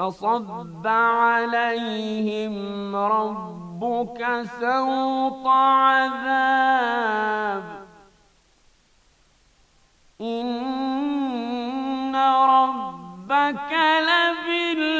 فصب عليهم ربك سوط عذاب إن ربك لبالله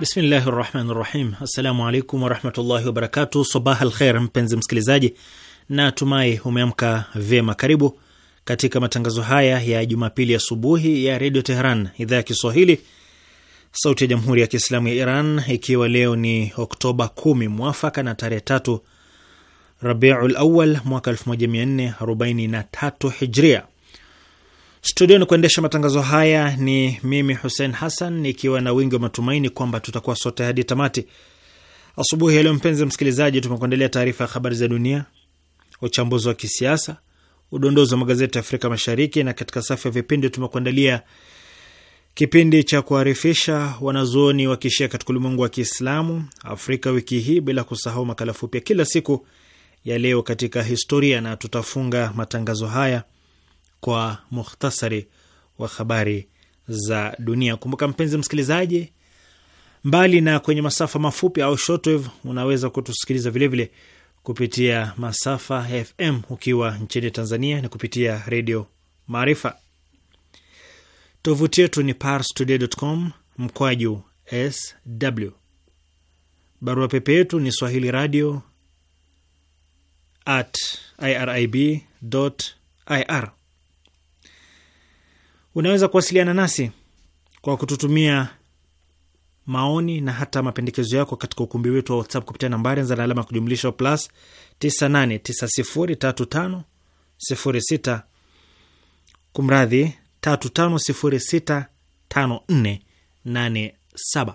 Bismillahi rahmani rahim. Assalamu alaikum warahmatullahi wabarakatu. Sabah alkher, mpenzi msikilizaji, na tumai umeamka vyema. Karibu katika matangazo haya ya Jumapili asubuhi ya, ya redio teheran idhaa ya Kiswahili sauti ya jamhuri ya Kiislamu ya Iran, ikiwa leo ni Oktoba 10 mwafaka na tarehe tatu Rabiul Awal mwaka 1443 Hijria. Studioni kuendesha matangazo haya ni mimi Hussein Hassan, nikiwa na wingi wa matumaini kwamba tutakuwa sote hadi tamati asubuhi ya leo. Mpenzi msikilizaji, tumekuandalia taarifa ya habari za dunia, uchambuzi wa kisiasa, udondozi wa magazeti ya Afrika Mashariki, na katika safu ya vipindi tumekuandalia kipindi cha kuharifisha wanazuoni wa kishia katika ulimwengu wa Kiislamu, Afrika wiki hii, bila kusahau makala fupi ya kila siku ya leo katika historia, na tutafunga matangazo haya kwa muhtasari wa habari za dunia. Kumbuka mpenzi msikilizaji, mbali na kwenye masafa mafupi au shortwave, unaweza kutusikiliza vilevile kupitia masafa FM ukiwa nchini Tanzania ni kupitia redio Maarifa. Tovuti yetu ni parstoday.com mkwaju sw. Barua pepe yetu ni swahili radio at irib ir Unaweza kuwasiliana nasi kwa kututumia maoni na hata mapendekezo yako katika ukumbi wetu wa WhatsApp kupitia nambari za alama ya kujumlisha plus 98903506 kumradhi 35065487.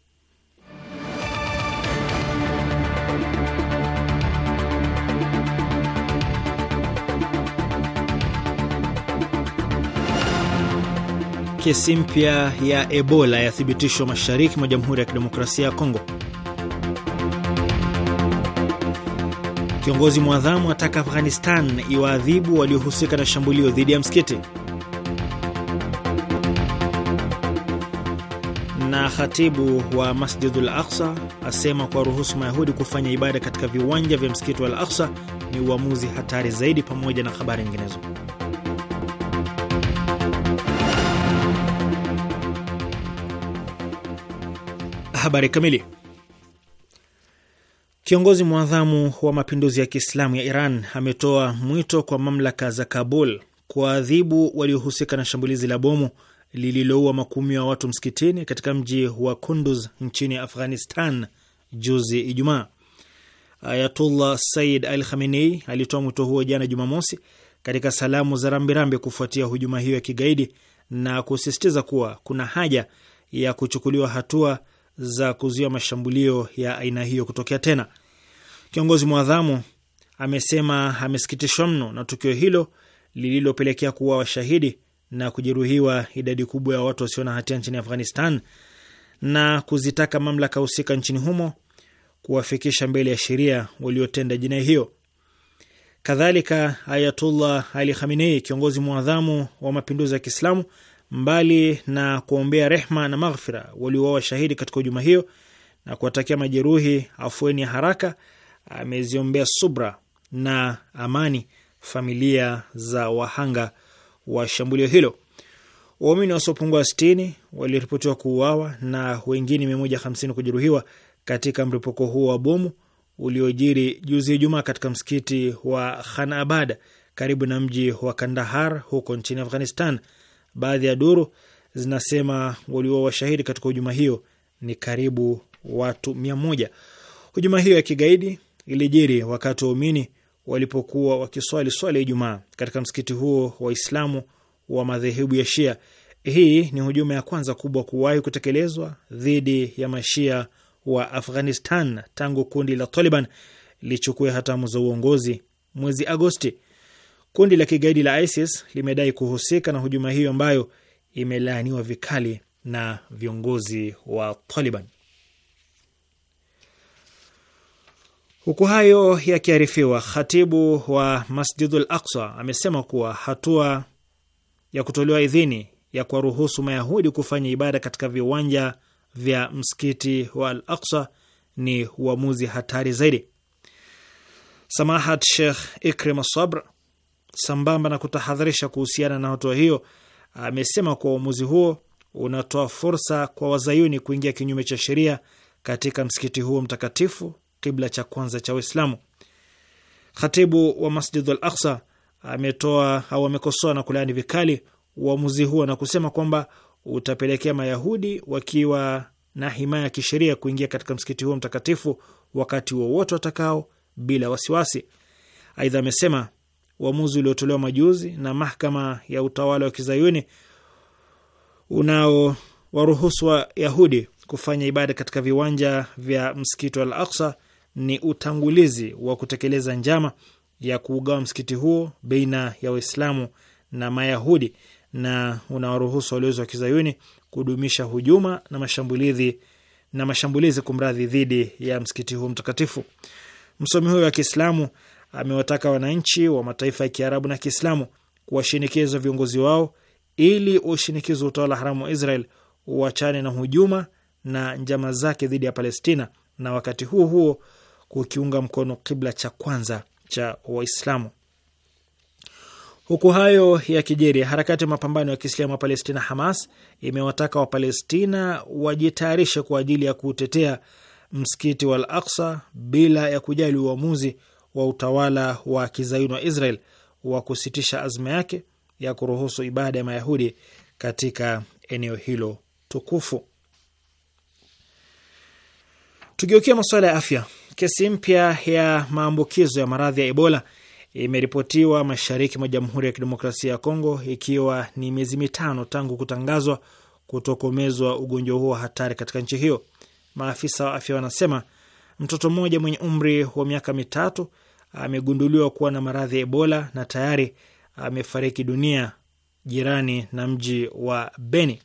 kesi mpya ya Ebola yathibitishwa mashariki mwa Jamhuri ya Kidemokrasia ya Kongo. Kiongozi mwadhamu ataka Afghanistan iwaadhibu waliohusika na shambulio dhidi ya msikiti. Na khatibu wa Masjidul Aqsa asema ruhusu Mayahudi kufanya ibada katika viwanja vya msikiti wa Al Aqsa ni uamuzi hatari zaidi, pamoja na habari nyinginezo. Habari kamili. Kiongozi mwadhamu wa mapinduzi ya Kiislamu ya Iran ametoa mwito kwa mamlaka za Kabul kuwaadhibu waliohusika na shambulizi la bomu lililoua makumi ya watu msikitini katika mji wa Kunduz nchini Afghanistan juzi Ijumaa. Ayatullah Sayyid Al Khamenei alitoa mwito huo jana Jumamosi katika salamu za rambirambi kufuatia hujuma hiyo ya kigaidi na kusisitiza kuwa kuna haja ya kuchukuliwa hatua za kuzuia mashambulio ya aina hiyo kutokea tena. Kiongozi mwadhamu amesema amesikitishwa mno na tukio hilo lililopelekea kuwa washahidi na kujeruhiwa idadi kubwa ya watu wasio na hatia nchini Afghanistan na kuzitaka mamlaka husika nchini humo kuwafikisha mbele ya sheria waliotenda jinai hiyo. Kadhalika, Ayatullah Ali Khamenei, kiongozi mwadhamu wa mapinduzi ya Kiislamu, mbali na kuombea rehma na maghfira waliouawa shahidi katika hujuma hiyo na kuwatakia majeruhi afueni ya haraka, ameziombea subra na amani familia za wahanga wa shambulio hilo. Waumini wasiopungua 60 waliripotiwa kuuawa na wengine 150 kujeruhiwa katika mlipuko huo wa bomu uliojiri juzi Ijumaa katika msikiti wa Khan Abad karibu na mji wa Kandahar huko nchini Afghanistan. Baadhi ya duru zinasema walio washahidi katika hujuma hiyo ni karibu watu mia moja. Hujuma hiyo ya kigaidi ilijiri wakati waumini walipokuwa wakiswali swala ya Ijumaa katika msikiti huo Waislamu wa madhehebu ya Shia. Hii ni hujuma ya kwanza kubwa kuwahi kutekelezwa dhidi ya mashia wa Afghanistan tangu kundi la Taliban lichukue hatamu za uongozi mwezi Agosti. Kundi la kigaidi la ISIS limedai kuhusika na hujuma hiyo ambayo imelaaniwa vikali na viongozi wa Taliban. Huku hayo yakiarifiwa, khatibu wa Masjidul Aqsa amesema kuwa hatua ya kutolewa idhini ya kuwaruhusu Mayahudi kufanya ibada katika viwanja vya msikiti wa Al Aqsa ni uamuzi hatari zaidi. Samahat Shekh Ikrim Sabr sambamba na kutahadharisha kuhusiana na hatua hiyo, amesema kuwa uamuzi huo unatoa fursa kwa wazayuni kuingia kinyume cha sheria katika msikiti huo mtakatifu, kibla cha kwanza cha Waislamu. Khatibu wa Masjid al Aksa ametoa au amekosoa na kulaani vikali uamuzi huo na kusema kwamba utapelekea Mayahudi wakiwa na himaya ya kisheria kuingia katika msikiti huo mtakatifu wakati wowote watakao bila wasiwasi. Aidha amesema uamuzi uliotolewa majuzi na mahakama ya utawala wa kizayuni unao wa Wayahudi kufanya ibada katika viwanja vya msikiti wa Al Aksa ni utangulizi wa kutekeleza njama ya kuugawa msikiti huo baina ya Waislamu na Mayahudi na unawaruhusu walowezi wa kizayuni kudumisha hujuma na mashambulizi na mashambulizi kumradhi dhidi ya msikiti huo mtakatifu. Msomi huyo wa Kiislamu amewataka wananchi wa mataifa ya Kiarabu na Kiislamu kuwashinikiza viongozi wao ili ushinikizo utawala haramu wa Israel uachane na hujuma na njama zake dhidi ya Palestina na wakati huo huo kukiunga mkono kibla cha kwanza cha Waislamu. Huku hayo ya kijeri, harakati ya mapambano ya Kiislamu ya Palestina Hamas imewataka Wapalestina wajitayarishe kwa ajili ya kutetea msikiti wa Al Aksa bila ya kujali uamuzi wa utawala wa kizayuni wa Israel wa kusitisha azma yake ya kuruhusu ibada ya Mayahudi katika eneo hilo tukufu. Tugeukia masuala ya afya. Kesi mpya ya maambukizo ya maradhi ya Ebola imeripotiwa mashariki mwa Jamhuri ya Kidemokrasia ya Kongo, ikiwa ni miezi mitano tangu kutangazwa kutokomezwa ugonjwa huo wa hatari katika nchi hiyo. Maafisa wa afya wanasema mtoto mmoja mwenye umri wa miaka mitatu amegunduliwa kuwa na maradhi ya Ebola na tayari amefariki dunia jirani na mji wa Beni.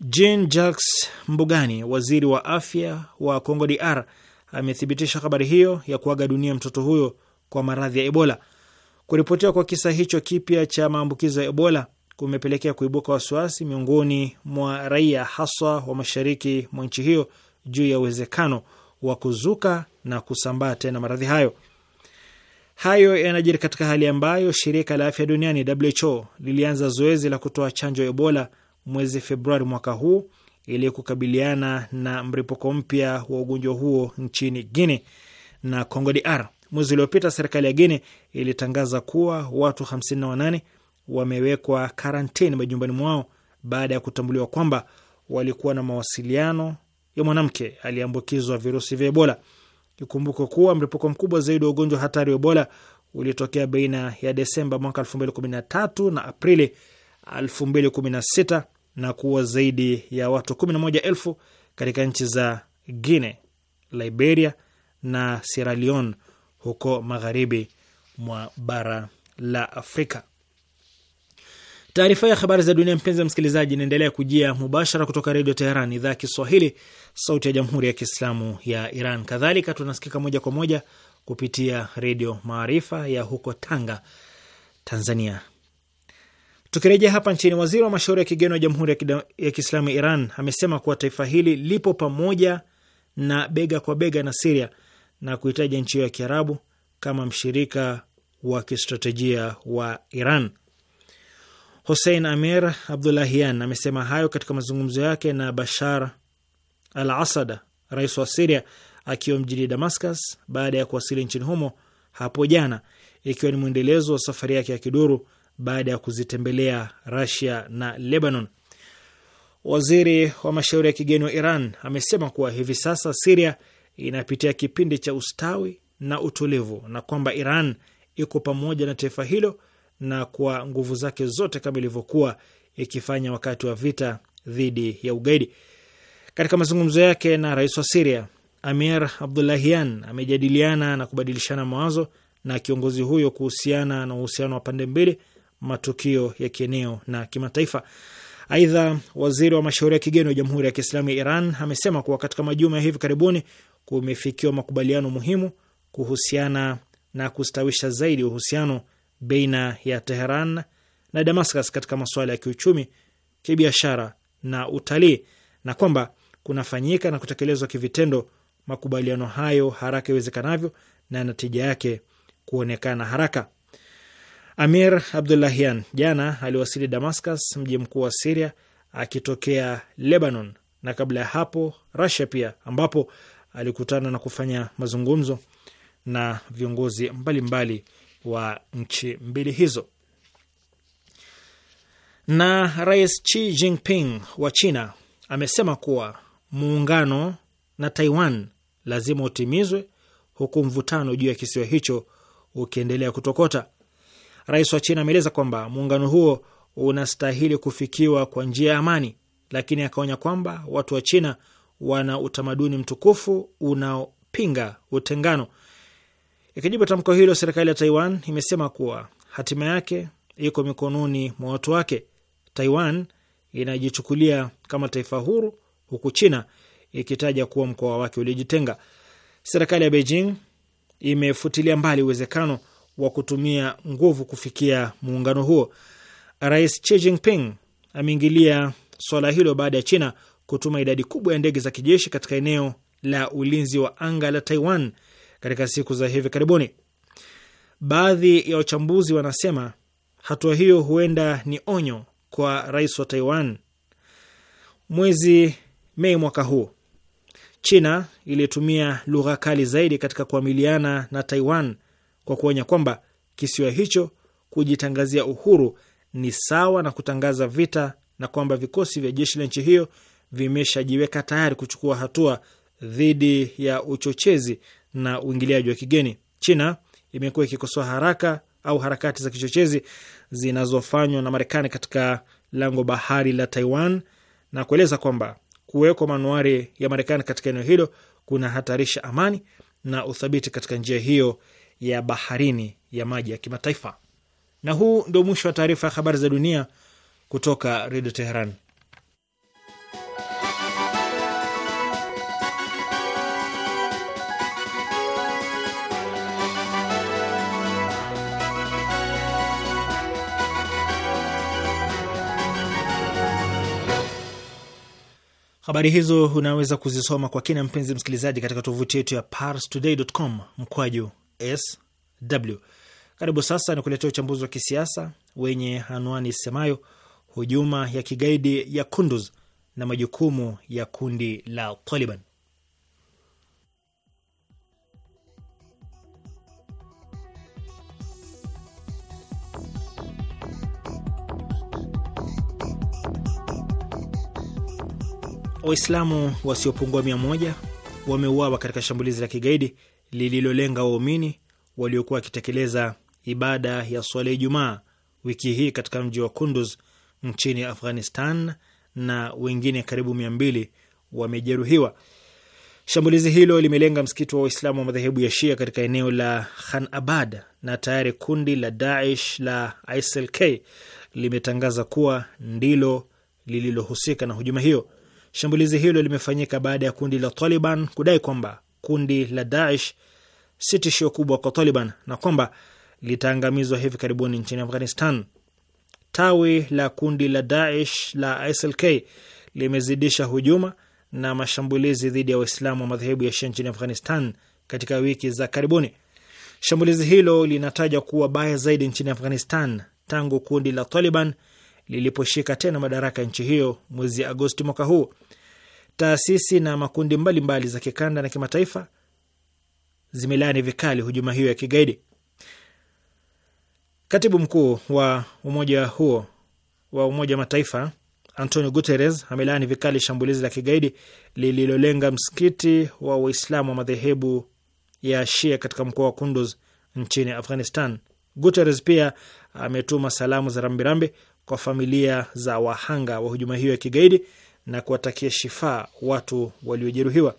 Jean Jacques Mbugani, waziri wa afya wa Congo DR, amethibitisha habari hiyo ya kuaga dunia mtoto huyo kwa maradhi ya Ebola. Kuripotiwa kwa kisa hicho kipya cha maambukizo ya Ebola kumepelekea kuibuka wasiwasi miongoni mwa raia haswa wa mashariki mwa nchi hiyo juu ya uwezekano wa kuzuka na kusambaa tena maradhi hayo. Hayo yanajiri katika hali ambayo shirika la afya duniani WHO lilianza zoezi la kutoa chanjo ya Ebola mwezi Februari mwaka huu ili kukabiliana na mripuko mpya wa ugonjwa huo nchini guine na Congo DR. Mwezi uliopita serikali ya guine ilitangaza kuwa watu 58 wamewekwa karantini majumbani mwao baada ya kutambuliwa kwamba walikuwa na mawasiliano ya mwanamke aliyeambukizwa virusi vya Ebola. Ikumbukwe kuwa mlipuko mkubwa zaidi wa ugonjwa hatari wa Ebola ulitokea baina ya Desemba mwaka 2013 na Aprili 2016 na kuwa zaidi ya watu 11,000 katika nchi za Guinea, Liberia na Sierra Leone huko magharibi mwa bara la Afrika. Taarifa ya habari za dunia, mpenzi msikilizaji, inaendelea kujia mubashara kutoka Redio Teheran, idhaa ya Kiswahili, sauti ya jamhuri ya kiislamu ya Iran. Kadhalika tunasikika moja kwa moja kupitia redio Maarifa ya huko Tanga, Tanzania. Tukirejea hapa nchini, waziri wa mashauri ya kigeni wa jamhuri ya kiislamu ya Iran amesema kuwa taifa hili lipo pamoja na bega kwa bega na Siria na kuhitaja nchi hiyo ya kiarabu kama mshirika wa kistratejia wa Iran. Hussein Amir Abdulahian amesema hayo katika mazungumzo yake na Bashar Al Asad, rais wa Siria, akiwa mjini Damascus baada ya kuwasili nchini humo hapo jana, ikiwa ni mwendelezo wa safari yake ya kiduru baada ya kuzitembelea Rasia na Lebanon. Waziri wa mashauri ya kigeni wa Iran amesema kuwa hivi sasa Siria inapitia kipindi cha ustawi na utulivu na kwamba Iran iko pamoja na taifa hilo na kwa nguvu zake zote kama ilivyokuwa ikifanya wakati wa vita dhidi ya ugaidi. Katika mazungumzo yake na rais wa Siria, Amir Abdullahian amejadiliana na kubadilishana mawazo na kiongozi huyo kuhusiana na uhusiano wa pande mbili, matukio ya kieneo na kimataifa. Aidha, waziri wa mashauri ya kigeni wa Jamhuri ya Kiislamu ya Iran amesema kuwa katika majuma ya hivi karibuni kumefikiwa makubaliano muhimu kuhusiana na kustawisha zaidi uhusiano baina ya Teheran na Damascus katika masuala ya kiuchumi, kibiashara na utalii na kwamba kunafanyika na kutekelezwa kivitendo makubaliano hayo haraka iwezekanavyo na natija yake kuonekana haraka. Amir Abdullahian jana aliwasili Damascus, mji mkuu wa Siria, akitokea Lebanon na kabla ya hapo Rusia pia, ambapo alikutana na kufanya mazungumzo na viongozi mbalimbali wa nchi mbili hizo. Na Rais Xi Jinping wa China amesema kuwa muungano na Taiwan lazima utimizwe, huku mvutano juu ya kisiwa hicho ukiendelea kutokota. Rais wa China ameeleza kwamba muungano huo unastahili kufikiwa kwa njia ya amani, lakini akaonya kwamba watu wa China wana utamaduni mtukufu unaopinga utengano. Ikijibu tamko hilo, serikali ya Taiwan imesema kuwa hatima yake iko mikononi mwa watu wake. Taiwan inajichukulia kama taifa huru huku China ikitaja kuwa mkoa wake uliojitenga. Serikali ya Beijing imefutilia mbali uwezekano wa kutumia nguvu kufikia muungano huo. Rais Xi Jinping ameingilia swala hilo baada ya China kutuma idadi kubwa ya ndege za kijeshi katika eneo la ulinzi wa anga la Taiwan katika siku za hivi karibuni. Baadhi ya wachambuzi wanasema hatua hiyo huenda ni onyo kwa rais wa Taiwan. Mwezi Mei mwaka huo. China ilitumia lugha kali zaidi katika kuamiliana na Taiwan kwa kuonya kwamba kisiwa hicho kujitangazia uhuru ni sawa na kutangaza vita na kwamba vikosi vya jeshi la nchi hiyo vimeshajiweka tayari kuchukua hatua dhidi ya uchochezi na uingiliaji wa kigeni. China imekuwa ikikosoa haraka au harakati za kichochezi zinazofanywa na Marekani katika lango bahari la Taiwan na kueleza kwamba kuwekwa manuari ya Marekani katika eneo hilo kunahatarisha amani na uthabiti katika njia hiyo ya baharini ya maji ya kimataifa. Na huu ndio mwisho wa taarifa ya habari za dunia kutoka Redio Teheran. Habari hizo unaweza kuzisoma kwa kina, mpenzi msikilizaji, katika tovuti yetu ya parstoday.com mkwaju sw. Karibu sasa ni kuletea uchambuzi wa kisiasa wenye anwani isemayo hujuma ya kigaidi ya Kunduz na majukumu ya kundi la Taliban. Waislamu wasiopungua mia moja wameuawa katika shambulizi la kigaidi lililolenga waumini waliokuwa wakitekeleza ibada ya swala Ijumaa wiki hii katika mji wa Kunduz nchini Afghanistan na wengine karibu mia mbili wamejeruhiwa. Shambulizi hilo limelenga msikiti wa Waislamu wa madhehebu ya Shia katika eneo la Khan Abad, na tayari kundi la Daesh la ISLK limetangaza kuwa ndilo lililohusika na hujuma hiyo. Shambulizi hilo limefanyika baada ya kundi la Taliban kudai kwamba kundi la Daesh si tishio kubwa kwa Taliban na kwamba litaangamizwa hivi karibuni nchini Afghanistan. Tawi la kundi la Daesh la ISLK limezidisha hujuma na mashambulizi dhidi ya Waislamu wa madhehebu ya Shia nchini Afghanistan katika wiki za karibuni. Shambulizi hilo linataja kuwa baya zaidi nchini Afghanistan tangu kundi la Taliban liliposhika tena madaraka ya nchi hiyo mwezi Agosti mwaka huu. Taasisi na makundi mbalimbali mbali za kikanda na kimataifa zimelaani vikali hujuma hiyo ya kigaidi. Katibu mkuu wa umoja huo wa Umoja Mataifa Antonio Guterres amelaani vikali shambulizi la kigaidi lililolenga msikiti wa Waislamu wa madhehebu ya Shia katika mkoa wa Kunduz nchini Afghanistan. Guterres pia ametuma salamu za rambirambi kwa familia za wahanga wa hujuma hiyo ya kigaidi na kuwatakia shifaa watu waliojeruhiwa.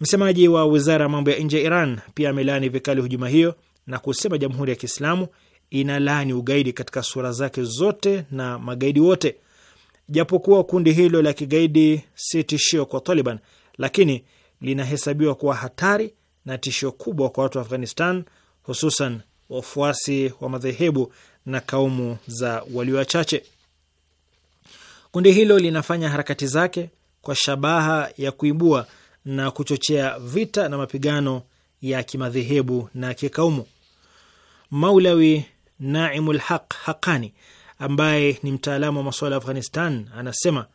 Msemaji wa wizara ya mambo ya nje ya Iran pia amelaani vikali hujuma hiyo na kusema Jamhuri ya Kiislamu inalaani ugaidi katika sura zake zote na magaidi wote. Japokuwa kundi hilo la kigaidi si tishio kwa Taliban, lakini linahesabiwa kuwa hatari na tishio kubwa kwa watu wa Afghanistan, hususan wafuasi wa madhehebu na kaumu za walio wachache. Kundi hilo linafanya harakati zake kwa shabaha ya kuibua na kuchochea vita na mapigano ya kimadhehebu na kikaumu. Maulawi Naimul Haq Haqani ambaye ni mtaalamu wa masuala ya Afghanistan anasema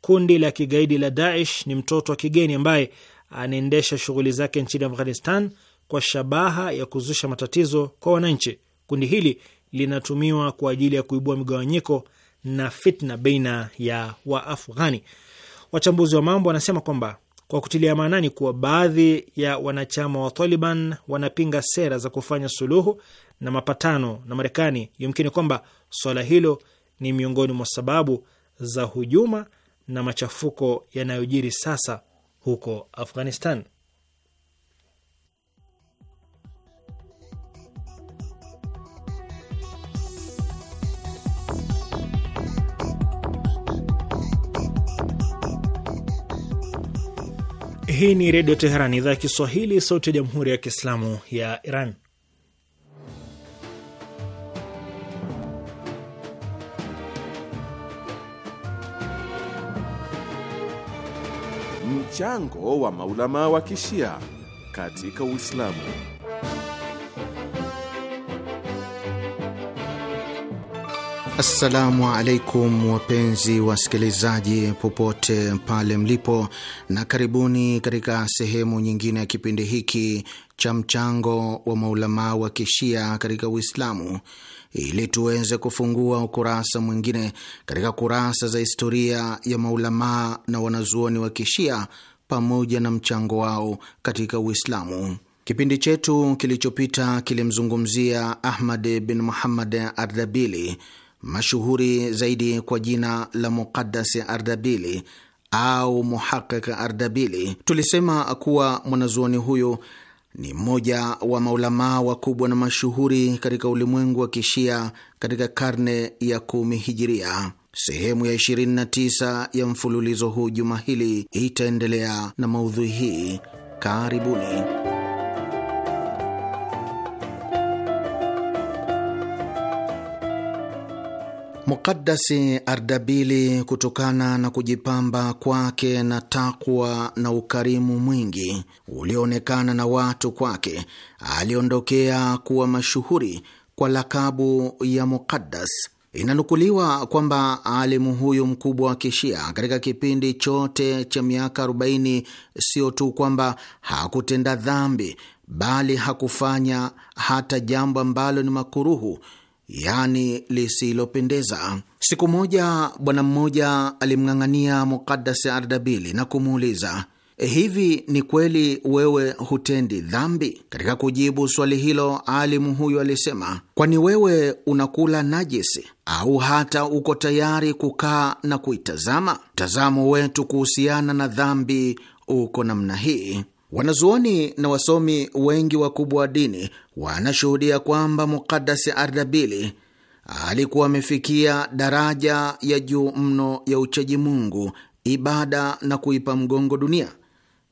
kundi la kigaidi la Daesh ni mtoto wa kigeni ambaye anaendesha shughuli zake nchini Afghanistan kwa shabaha ya kuzusha matatizo kwa wananchi. Kundi hili linatumiwa kwa ajili ya kuibua migawanyiko na fitna baina ya Waafghani. Wachambuzi wa mambo wanasema kwamba kwa kutilia maanani kuwa baadhi ya wanachama wa Taliban wanapinga sera za kufanya suluhu na mapatano na Marekani, yumkini kwamba swala hilo ni miongoni mwa sababu za hujuma na machafuko yanayojiri sasa huko Afghanistan. Hii ni Redio Teheran, idhaa ya Kiswahili, sauti ya Jamhuri ya Kiislamu ya Iran. Mchango wa maulama wa kishia katika Uislamu. Assalamu alaikum wapenzi wasikilizaji, popote pale mlipo, na karibuni katika sehemu nyingine ya kipindi hiki cha mchango wa maulamaa wa kishia katika Uislamu, ili tuweze kufungua ukurasa mwingine katika kurasa za historia ya maulamaa na wanazuoni wa kishia pamoja na mchango wao katika Uislamu. Kipindi chetu kilichopita kilimzungumzia Ahmad bin Muhammad Ardabili mashuhuri zaidi kwa jina la Muqaddas Ardabili au Muhaqiq Ardabili. Tulisema kuwa mwanazuoni huyu ni mmoja wa maulamaa wakubwa na mashuhuri katika ulimwengu wa Kishia katika karne ya kumi hijiria. Sehemu ya 29 ya mfululizo huu juma hili itaendelea na maudhui hii. Karibuni. Muqaddasi Ardabili, kutokana na kujipamba kwake na takwa na ukarimu mwingi ulioonekana na watu kwake, aliondokea kuwa mashuhuri kwa lakabu ya Muqaddas. Inanukuliwa kwamba alimu huyu mkubwa wa Kishia katika kipindi chote cha miaka 40 sio tu kwamba hakutenda dhambi, bali hakufanya hata jambo ambalo ni makuruhu yani lisilopendeza. Siku moja bwana mmoja alimng'ang'ania Mukadasi Ardabili na kumuuliza e, Hivi ni kweli wewe hutendi dhambi? Katika kujibu swali hilo, alimu huyu alisema, kwani wewe unakula najisi au hata uko tayari kukaa na kuitazama? Mtazamo wetu kuhusiana na dhambi uko namna hii. Wanazuoni na wasomi wengi wakubwa wa dini wanashuhudia kwamba Mukadasi Ardabili alikuwa amefikia daraja ya juu mno ya uchaji Mungu, ibada na kuipa mgongo dunia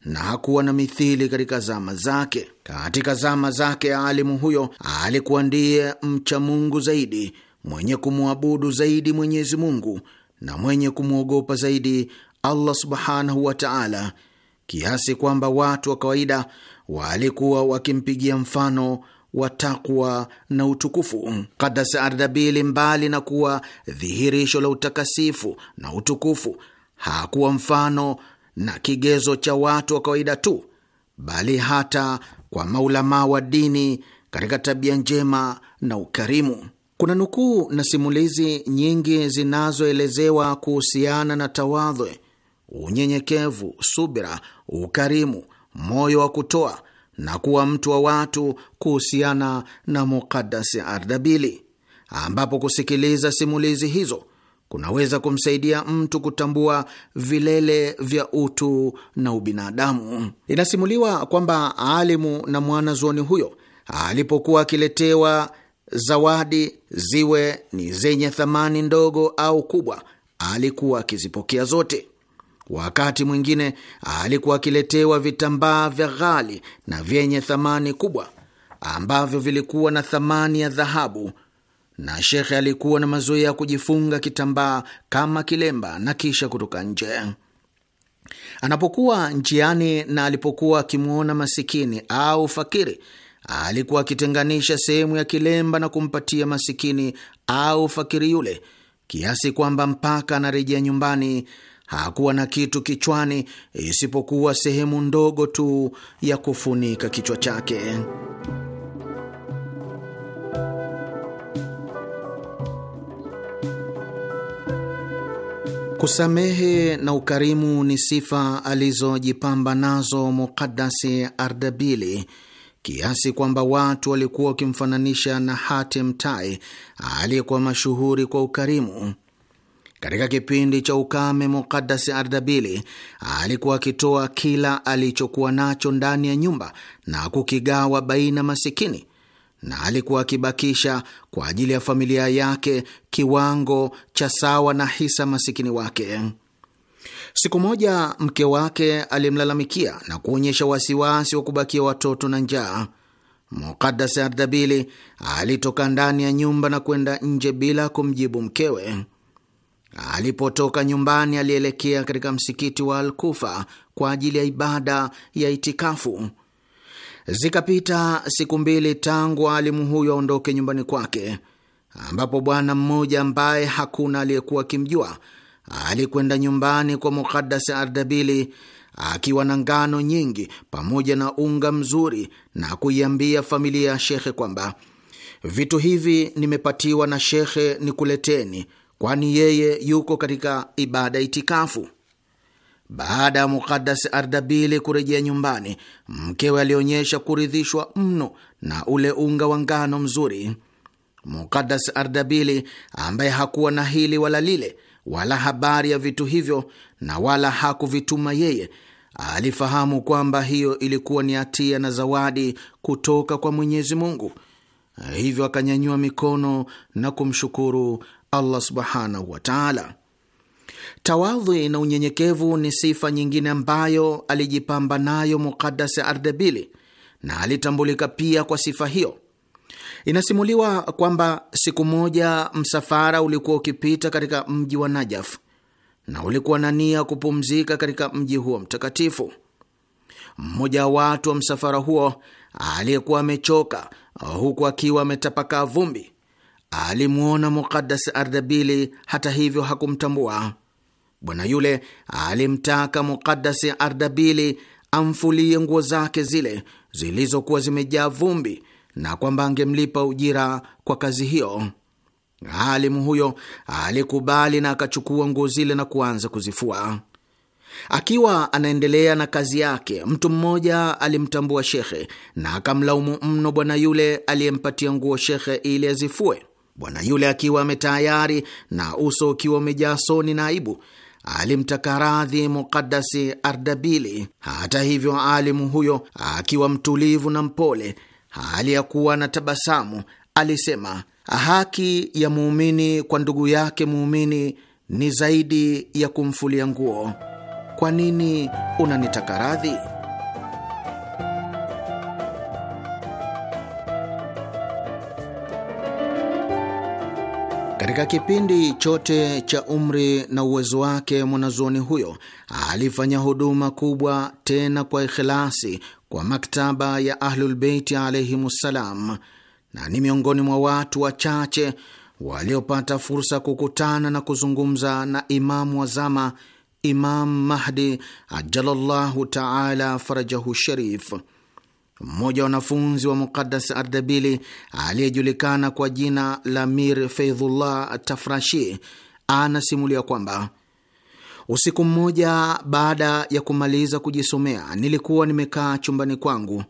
na hakuwa na mithili katika zama zake. Katika zama zake, alimu huyo alikuwa ndiye mcha Mungu zaidi, mwenye kumwabudu zaidi Mwenyezi Mungu na mwenye kumwogopa zaidi Allah subhanahu wa taala kiasi kwamba watu wa kawaida walikuwa wakimpigia mfano wa takwa na utukufu. Kadas Ardabili, mbali na kuwa dhihirisho la utakasifu na utukufu, hakuwa mfano na kigezo cha watu wa kawaida tu, bali hata kwa maulamaa wa dini katika tabia njema na ukarimu. Kuna nukuu na simulizi nyingi zinazoelezewa kuhusiana na tawadhwe unyenyekevu, subira, ukarimu, moyo wa kutoa na kuwa mtu wa watu kuhusiana na Mukadasi Ardabili, ambapo kusikiliza simulizi hizo kunaweza kumsaidia mtu kutambua vilele vya utu na ubinadamu. Inasimuliwa kwamba alimu na mwanazuoni huyo alipokuwa akiletewa zawadi, ziwe ni zenye thamani ndogo au kubwa, alikuwa akizipokea zote. Wakati mwingine alikuwa akiletewa vitambaa vya ghali na vyenye thamani kubwa ambavyo vilikuwa na thamani ya dhahabu, na shekhe alikuwa na mazoea ya kujifunga kitambaa kama kilemba na kisha kutoka nje. Anapokuwa njiani na alipokuwa akimwona masikini au fakiri, alikuwa akitenganisha sehemu ya kilemba na kumpatia masikini au fakiri yule, kiasi kwamba mpaka anarejea nyumbani hakuwa na kitu kichwani isipokuwa sehemu ndogo tu ya kufunika kichwa chake. Kusamehe na ukarimu ni sifa alizojipamba nazo mukadasi Ardabili kiasi kwamba watu walikuwa wakimfananisha na Hatem Tai aliyekuwa mashuhuri kwa ukarimu. Katika kipindi cha ukame, Mukadasi Ardabili alikuwa akitoa kila alichokuwa nacho ndani ya nyumba na kukigawa baina masikini, na alikuwa akibakisha kwa ajili ya familia yake kiwango cha sawa na hisa masikini wake. Siku moja mke wake alimlalamikia na kuonyesha wasiwasi wa kubakia watoto na njaa. Mukadasi Ardabili alitoka ndani ya nyumba na kwenda nje bila kumjibu mkewe. Alipotoka nyumbani, alielekea katika msikiti wa alkufa kwa ajili ya ibada ya itikafu. Zikapita siku mbili tangu alimu huyo aondoke nyumbani kwake, ambapo bwana mmoja ambaye hakuna aliyekuwa akimjua alikwenda nyumbani kwa mukadasi Ardabili akiwa na ngano nyingi pamoja na unga mzuri na kuiambia familia ya shekhe kwamba vitu hivi nimepatiwa na shekhe, nikuleteni kwani yeye yuko katika ibada itikafu. Baada ya Mukadas Ardabili kurejea nyumbani, mkewe alionyesha kuridhishwa mno na ule unga wa ngano mzuri. Mukadas Ardabili ambaye hakuwa na hili wala lile wala habari ya vitu hivyo na wala hakuvituma yeye, alifahamu kwamba hiyo ilikuwa ni hatia na zawadi kutoka kwa Mwenyezi Mungu. Hivyo akanyanyua mikono na kumshukuru Allah subhanahu wataala. Tawadhi na unyenyekevu ni sifa nyingine ambayo alijipamba nayo Muqaddasi Ardebili na alitambulika pia kwa sifa hiyo. Inasimuliwa kwamba siku moja msafara ulikuwa ukipita katika mji wa Najaf na ulikuwa na nia kupumzika katika mji huo mtakatifu. Mmoja wa watu wa msafara huo aliyekuwa amechoka huku akiwa ametapakaa vumbi alimwona Muqaddas Ardabili, hata hivyo hakumtambua. Bwana yule alimtaka mukadasi Ardabili amfulie nguo zake zile zilizokuwa zimejaa vumbi na kwamba angemlipa ujira kwa kazi hiyo. Alimu huyo alikubali na akachukua nguo zile na kuanza kuzifua. Akiwa anaendelea na kazi yake, mtu mmoja alimtambua shekhe na akamlaumu mno bwana yule aliyempatia nguo shekhe ili azifue. Bwana yule akiwa ametayari na uso ukiwa umejaa soni na aibu, alimtaka radhi Mukadasi Ardabili. Hata hivyo, alimu huyo akiwa mtulivu na mpole, hali ya kuwa na tabasamu, alisema haki ya muumini kwa ndugu yake muumini ni zaidi ya kumfulia nguo. Kwa nini unanitaka radhi? Katika kipindi chote cha umri na uwezo wake, mwanazuoni huyo alifanya huduma kubwa, tena kwa ikhilasi, kwa maktaba ya Ahlulbeiti alaihimussalam, na ni miongoni mwa watu wachache waliopata fursa kukutana na kuzungumza na imamu wa zama, Imam Mahdi ajalallahu taala farajahu sharif. Mmoja wa wanafunzi wa Muqaddas Ardabili aliyejulikana kwa jina la Mir Feidhullah Tafrashi anasimulia kwamba usiku mmoja baada ya kumaliza kujisomea, nilikuwa nimekaa chumbani kwangu.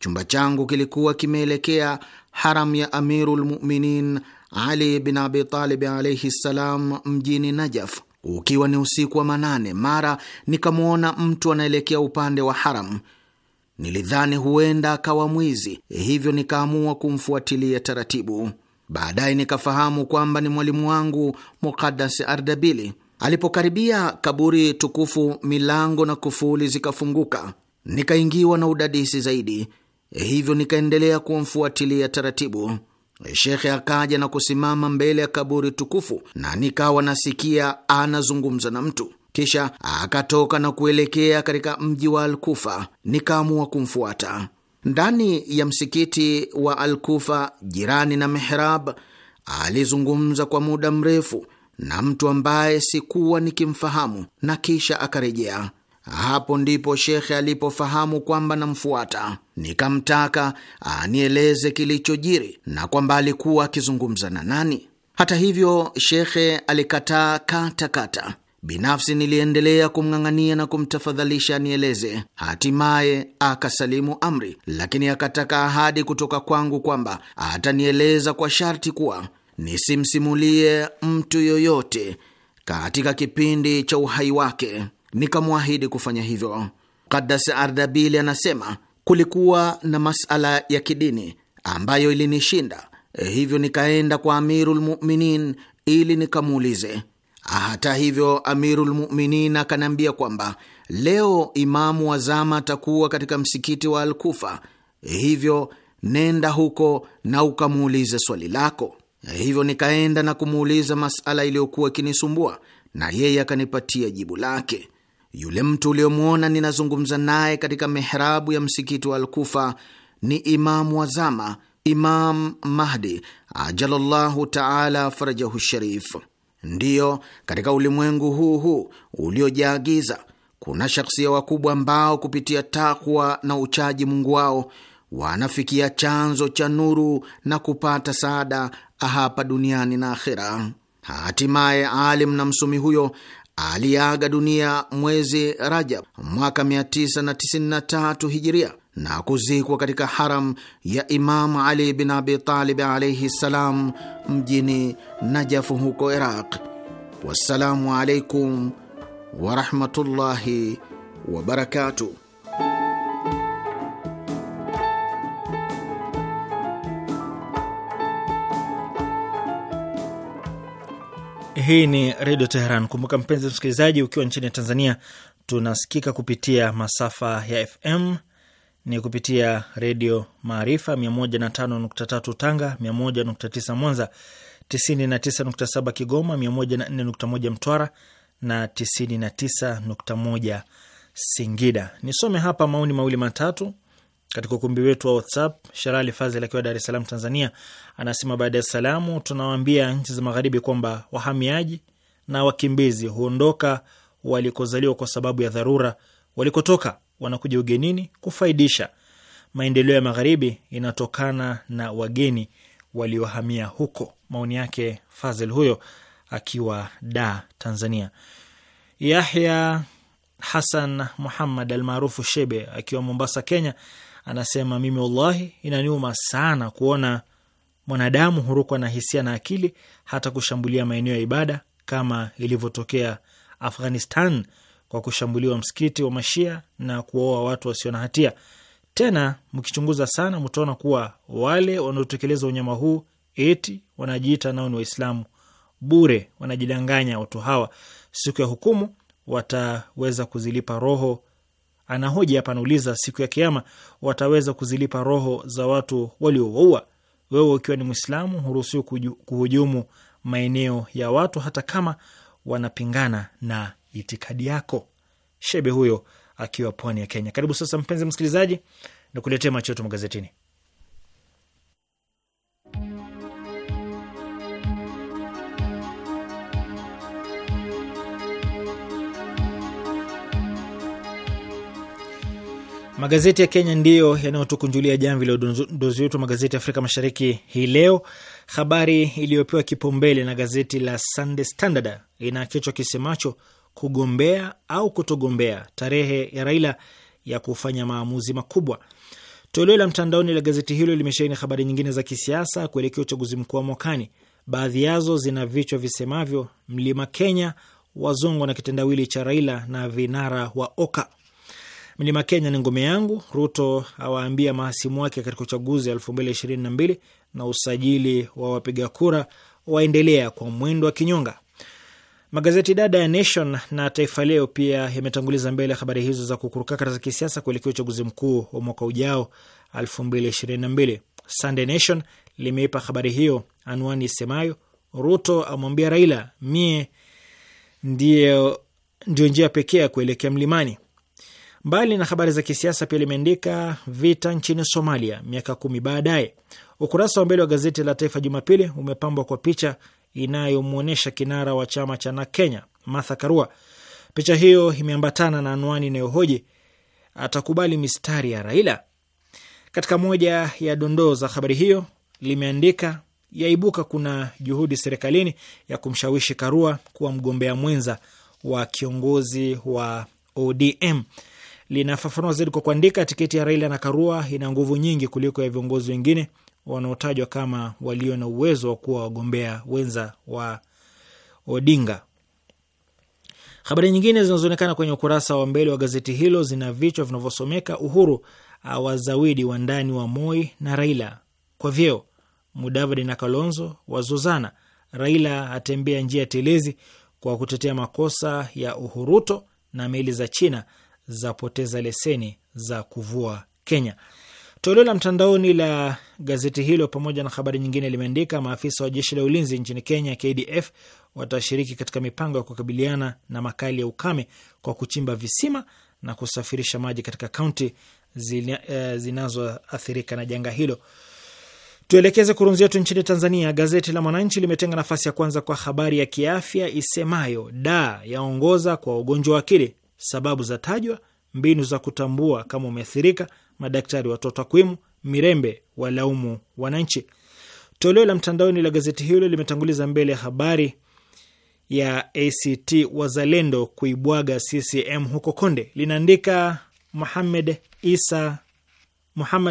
Chumba changu kilikuwa kimeelekea haram ya Amiru lmuminin Ali bin Abitalib alaihi ssalam mjini Najaf, ukiwa ni usiku wa manane. Mara nikamwona mtu anaelekea upande wa haram Nilidhani huenda akawa mwizi, hivyo nikaamua kumfuatilia taratibu. Baadaye nikafahamu kwamba ni mwalimu wangu Mukadas Ardabili. Alipokaribia kaburi tukufu, milango na kufuli zikafunguka, nikaingiwa na udadisi zaidi, hivyo nikaendelea kumfuatilia taratibu. Shekhe akaja na kusimama mbele ya kaburi tukufu, na nikawa nasikia anazungumza na mtu kisha akatoka na kuelekea katika mji wa Alkufa. Nikaamua kumfuata ndani ya msikiti wa Alkufa, jirani na mihrab. Alizungumza kwa muda mrefu na mtu ambaye sikuwa nikimfahamu, na kisha akarejea. Hapo ndipo shekhe alipofahamu kwamba namfuata. Nikamtaka anieleze kilichojiri na kwamba alikuwa akizungumza na nani. Hata hivyo, shekhe alikataa kata Binafsi niliendelea kumng'ang'ania na kumtafadhalisha anieleze. Hatimaye akasalimu amri, lakini akataka ahadi kutoka kwangu kwamba atanieleza kwa sharti kuwa nisimsimulie mtu yoyote katika kipindi cha uhai wake. Nikamwahidi kufanya hivyo. Kadas Ardabili anasema kulikuwa na masala ya kidini ambayo ilinishinda, hivyo nikaenda kwa Amirul Muminin ili nikamuulize hata hivyo, Amirul Muminin akaniambia kwamba leo imamu wa zama atakuwa katika msikiti wa Alkufa, hivyo nenda huko na ukamuulize swali lako. Hivyo nikaenda na kumuuliza masala iliyokuwa ikinisumbua, na yeye akanipatia jibu lake. Yule mtu uliyomwona ninazungumza naye katika mihrabu ya msikiti wa Alkufa ni imamu wa zama, Imam Mahdi ajalallahu taala farajahu sharif. Ndiyo, katika ulimwengu huu huu uliojaa giza kuna shakhsia wakubwa ambao kupitia takwa na uchaji Mungu wao wanafikia chanzo cha nuru na kupata saada hapa duniani na akhira Hatimaye alim na msomi huyo aliaga dunia mwezi Rajab mwaka 993 hijiria na kuzikwa katika haram ya Imam Ali bin Abi Talib alaihi ssalam mjini Najafu huko Iraq. Wassalamu alaikum warahmatullahi wabarakatuh. Hii ni Redio Teheran. Kumbuka mpenzi msikilizaji, ukiwa nchini Tanzania tunasikika kupitia masafa ya FM ni kupitia Redio Maarifa 105.3 Tanga, 101.9 Mwanza, 99.7 Kigoma, 104.1 Mtwara na 99.1 Singida. Nisome hapa maoni mawili matatu katika ukumbi wetu wa WhatsApp. Sharali Fazil akiwa Dar es Salaam, Tanzania, anasema baada ya salamu, tunawaambia nchi za magharibi kwamba wahamiaji na wakimbizi huondoka walikozaliwa kwa sababu ya dharura walikotoka wanakuja ugenini kufaidisha maendeleo ya magharibi inatokana na wageni waliohamia huko. Maoni yake Fazel huyo akiwa Da, Tanzania. Yahya Hasan Muhammad almaarufu Shebe akiwa Mombasa, Kenya, anasema mimi wallahi, inaniuma sana kuona mwanadamu hurukwa na hisia na akili hata kushambulia maeneo ya ibada kama ilivyotokea Afghanistan kwa kushambuliwa msikiti wa Mashia na kuwaua watu wasio na hatia. Tena mkichunguza sana, mtaona kuwa wale wanaotekeleza unyama huu eti wanajiita nao ni Waislamu. Bure, wanajidanganya. Watu hawa siku ya hukumu wataweza kuzilipa roho. Anahoji hapa, anauliza siku ya Kiama wataweza kuzilipa roho za watu waliowaua? Wewe ukiwa ni Mwislamu huruhusiwi kuhujumu maeneo ya watu hata kama wanapingana na itikadi yako. Shebe huyo akiwa pwani ya Kenya. Karibu sasa, mpenzi msikilizaji, na kuletea macho yetu magazetini. Magazeti ya Kenya ndiyo yanayotukunjulia jamvi la udondozi wetu wa magazeti ya Afrika Mashariki hii leo. Habari iliyopewa kipaumbele na gazeti la Sunday Standard ina kichwa kisemacho kugombea au kutogombea, tarehe ya Raila ya kufanya maamuzi makubwa. Toleo la mtandaoni la gazeti hilo limesheheni habari nyingine za kisiasa kuelekea uchaguzi mkuu wa mwakani. Baadhi yazo zina vichwa visemavyo: mlima Kenya wazongwa na kitendawili cha Raila na vinara wa Oka. Mlima Kenya ni ngome yangu, Ruto awaambia mahasimu wake katika uchaguzi wa 2022 na usajili wa wapiga kura waendelea kwa mwendo wa kinyonga. Magazeti dada ya Nation na Taifa Leo pia yametanguliza mbele habari hizo za kukurukakara za kisiasa kuelekea uchaguzi mkuu wa mwaka ujao 2022. Sunday Nation limeipa habari hiyo anwani isemayo Ruto amwambia Raila, mie ndiyo, ndiyo njia pekee ya kuelekea mlimani. Mbali na habari za kisiasa, pia limeandika vita nchini Somalia miaka kumi baadaye. Ukurasa wa mbele wa gazeti la Taifa Jumapili umepambwa kwa picha inayomwonyesha kinara wa chama cha Kenya Martha Karua. Picha hiyo imeambatana na anwani inayohoji atakubali mistari ya Raila. Katika moja ya dondoo za habari hiyo limeandika yaibuka kuna juhudi serikalini ya kumshawishi Karua kuwa mgombea mwenza wa kiongozi wa ODM. Linafafanua zaidi kwa kuandika, tiketi ya Raila na Karua ina nguvu nyingi kuliko ya viongozi wengine wanaotajwa kama walio na uwezo wa kuwa wagombea wenza wa Odinga. Habari nyingine zinazoonekana kwenye ukurasa wa mbele wa gazeti hilo zina vichwa vinavyosomeka: Uhuru awazawidi wandani wa Moi na Raila kwa vyeo, Mudavadi na Kalonzo wazozana, Raila atembea njia telezi kwa kutetea makosa ya Uhuruto, na meli za China zapoteza leseni za kuvua Kenya. Toleo la mtandaoni la gazeti hilo pamoja na habari nyingine limeandika maafisa wa jeshi la ulinzi nchini Kenya KDF watashiriki katika mipango ya kukabiliana na makali ya ukame kwa kuchimba visima na kusafirisha maji katika kaunti eh, zinazoathirika na janga hilo. Tuelekeze kurunzi yetu nchini Tanzania. Gazeti la Mwananchi limetenga nafasi ya kwanza kwa habari ya kiafya isemayo da yaongoza kwa ugonjwa wa akili, sababu za tajwa, mbinu za kutambua kama umeathirika, madaktari watoa takwimu Mirembe walaumu wananchi. Toleo la mtandaoni la gazeti hilo limetanguliza mbele ya habari ya ACT Wazalendo kuibwaga CCM huko Konde. Linaandika Muhammad Isa,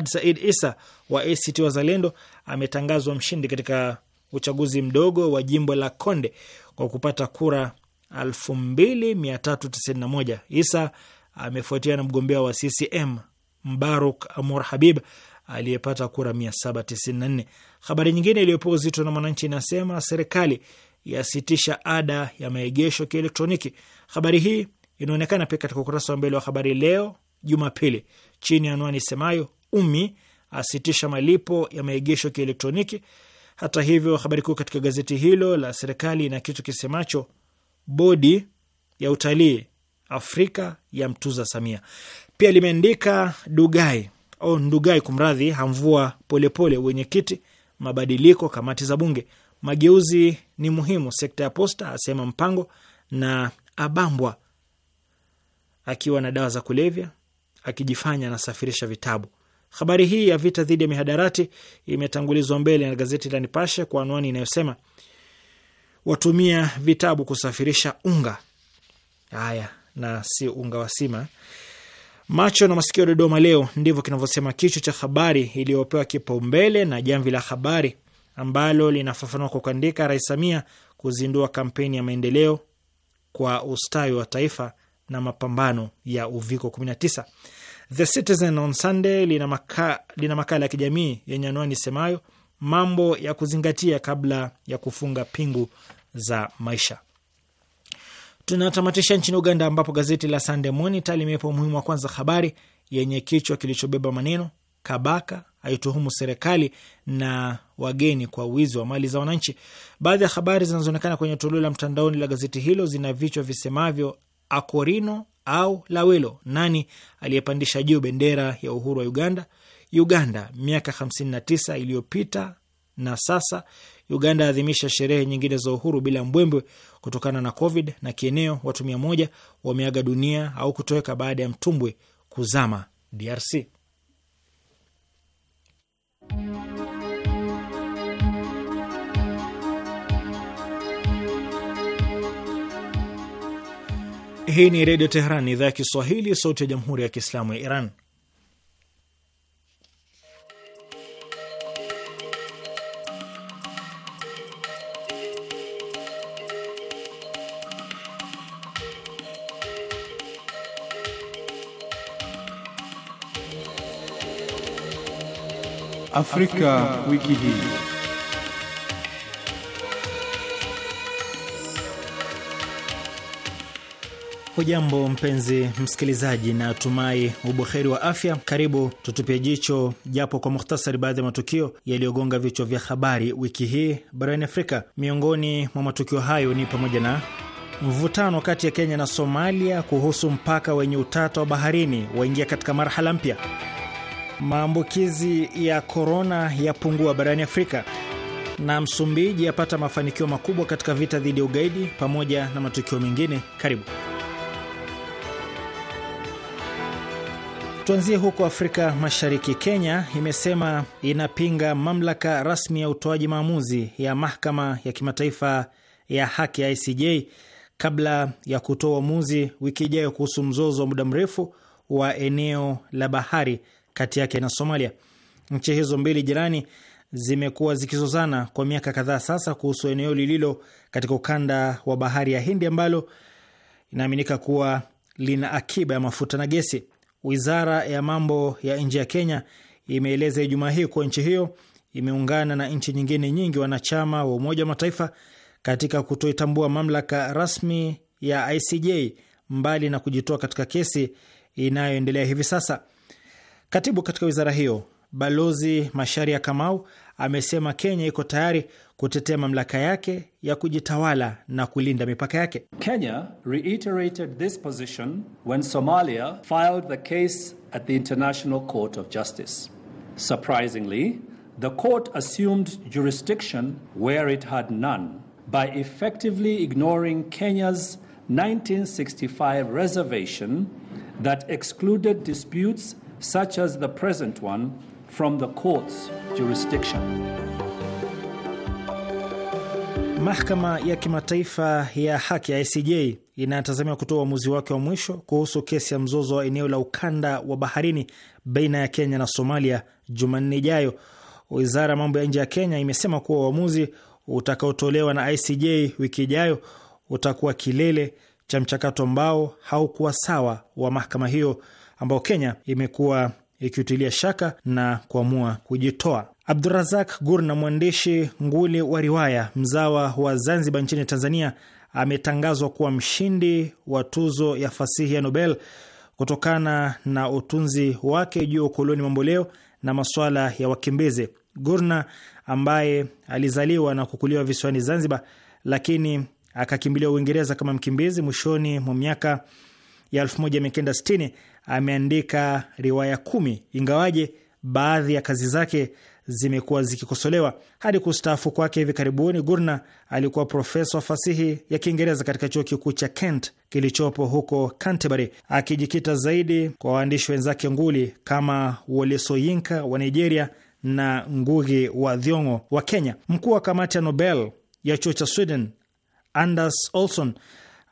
Said Isa wa ACT Wazalendo ametangazwa mshindi katika uchaguzi mdogo wa jimbo la Konde kwa kupata kura 2391. Isa amefuatiwa na mgombea wa CCM Mbaruk Amur Habib aliyepata kura 794. Habari nyingine iliyopewa uzito na Mwananchi inasema serikali yasitisha ada ya maegesho kielektroniki. Habari hii inaonekana pia katika ukurasa wa mbele wa Habari Leo Jumapili chini ya anwani semayo Umi asitisha malipo ya maegesho kielektroniki. Hata hivyo, habari kuu katika gazeti hilo la serikali ina kitu kisemacho bodi ya utalii Afrika ya mtuza Samia. Pia limeandika Dugai au Ndugai, kumradhi, hamvua polepole wenyekiti, mabadiliko kamati za bunge, mageuzi ni muhimu sekta ya posta, asema Mpango na abambwa akiwa na dawa za kulevya akijifanya anasafirisha vitabu. Habari hii ya vita dhidi ya mihadarati imetangulizwa mbele na gazeti la Nipashe kwa anwani inayosema watumia vitabu kusafirisha unga. Haya, na si unga wa sima. Macho na masikio Dodoma leo, ndivyo kinavyosema kichwa cha habari iliyopewa kipaumbele na Jamvi la Habari, ambalo linafafanua kwa kuandika, Rais Samia kuzindua kampeni ya maendeleo kwa ustawi wa taifa na mapambano ya uviko 19. The Citizen on Sunday lina, maka, lina makala ya kijamii yenye anwani semayo mambo ya kuzingatia kabla ya kufunga pingu za maisha. Tunatamatisha nchini Uganda, ambapo gazeti la Sunday Monitor limewepa umuhimu wa kwanza habari yenye kichwa kilichobeba maneno Kabaka aituhumu serikali na wageni kwa wizi wa mali za wananchi. Baadhi ya habari zinazoonekana kwenye toleo la mtandaoni la gazeti hilo zina vichwa visemavyo: Akorino au Lawelo, nani aliyepandisha juu bendera ya uhuru wa Uganda? Uganda miaka 59 iliyopita na sasa, Uganda aadhimisha sherehe nyingine za uhuru bila mbwembwe kutokana na Covid, na kieneo watu mia moja wameaga dunia au kutoweka baada ya mtumbwe kuzama DRC. Hii ni Redio Teheran, idhaa ya Kiswahili, sauti ya Jamhuri ya Kiislamu ya Iran. Afrika, wiki hii. Hujambo mpenzi msikilizaji, na tumai ubuheri wa afya. Karibu tutupie jicho japo kwa muhtasari baadhi ya matukio yaliyogonga vichwa vya habari wiki hii barani Afrika. Miongoni mwa matukio hayo ni pamoja na mvutano kati ya Kenya na Somalia kuhusu mpaka wenye utata wa baharini waingia katika marhala mpya Maambukizi ya korona yapungua barani Afrika, na Msumbiji yapata mafanikio makubwa katika vita dhidi ya ugaidi, pamoja na matukio mengine. Karibu tuanzie huko Afrika Mashariki. Kenya imesema inapinga mamlaka rasmi ya utoaji maamuzi ya mahakama ya kimataifa ya haki ya ICJ kabla ya kutoa uamuzi wiki ijayo kuhusu mzozo wa muda mrefu wa eneo la bahari kati yake na Somalia. Nchi hizo mbili jirani zimekuwa zikizozana kwa miaka kadhaa sasa kuhusu eneo lililo katika ukanda wa bahari ya Hindi ambalo inaaminika kuwa lina akiba ya mafuta na gesi. Wizara ya mambo ya nje ya Kenya imeeleza Ijumaa hii kuwa nchi hiyo imeungana na nchi nyingine nyingi wanachama wa Umoja wa Mataifa katika kutoitambua mamlaka rasmi ya ICJ mbali na kujitoa katika kesi inayoendelea hivi sasa. Katibu katika wizara hiyo Balozi Masharia Kamau amesema Kenya iko tayari kutetea mamlaka yake ya kujitawala na kulinda mipaka yake. Kenya reiterated this position when Somalia filed the case at the International Court of Justice. Surprisingly, the court assumed jurisdiction where it had none by effectively ignoring Kenya's 1965 reservation that excluded disputes such as the present one, from the court's jurisdiction. Mahakama ya Kimataifa ya Haki ya ICJ inatazamiwa kutoa uamuzi wake wa mwisho kuhusu kesi ya mzozo wa eneo la ukanda wa baharini baina ya Kenya na Somalia Jumanne ijayo. Wizara ya mambo ya nje ya Kenya imesema kuwa uamuzi utakaotolewa na ICJ wiki ijayo utakuwa kilele cha mchakato ambao haukuwa sawa wa mahakama hiyo ambao Kenya imekuwa ikiutilia shaka na kuamua kujitoa. Abdurazak Gurna, mwandishi nguli wa riwaya mzawa wa Zanzibar nchini Tanzania, ametangazwa kuwa mshindi wa tuzo ya fasihi ya Nobel kutokana na utunzi wake juu ya ukoloni mamboleo na masuala ya wakimbizi. Gurna ambaye alizaliwa na kukuliwa visiwani Zanzibar, lakini akakimbilia Uingereza kama mkimbizi mwishoni mwa miaka ya 1960 ameandika riwaya kumi, ingawaje baadhi ya kazi zake zimekuwa zikikosolewa. Hadi kustaafu kwake hivi karibuni, Gurna alikuwa profesa wa fasihi ya Kiingereza katika chuo kikuu cha Kent kilichopo huko Canterbury, akijikita zaidi kwa waandishi wenzake nguli kama Wole Soyinka wa Nigeria na Ngugi wa Thiong'o wa Kenya. Mkuu wa kamati ya Nobel ya chuo cha Sweden Anders Olson